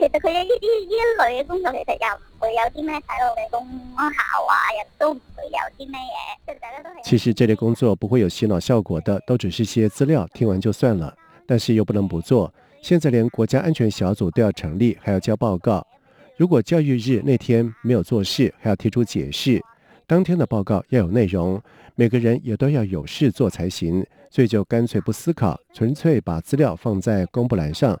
其實佢嘅呢啲呢一類嘅工作，其實又唔會有啲咩洗腦嘅功效啊，亦都唔會有啲咩嘢，即大家都係。其實這類工作不會有洗腦效果的，都只是些資料，聽完就算了。但是又不能不做，現在連國家安全小組都要成立，還要交報告。如果教育日那天沒有做事，還要提出解釋。當天的報告要有內容，每個人也都要有事做才行，所以就乾脆不思考，純粹把資料放在公佈欄上。